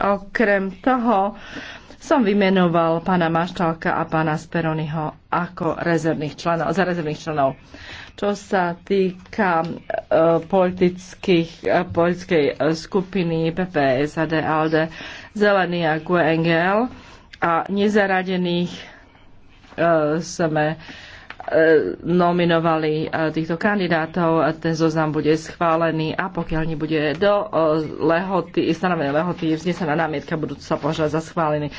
Okrem toho som vymenoval pána Maštalka a pána Speroniho ako rezervných členov, za rezervných členov. Čo sa týka uh, politickej e, skupiny PPS a DLD, Zelený a GUNGL a nezaradených uh, sme uh, E, nominovali e, týchto kandidátov. Ten zoznam bude schválený a pokiaľ nebude do e, lehoty, stanovené lehoty vznesená námietka, budú sa požiadať za schválený.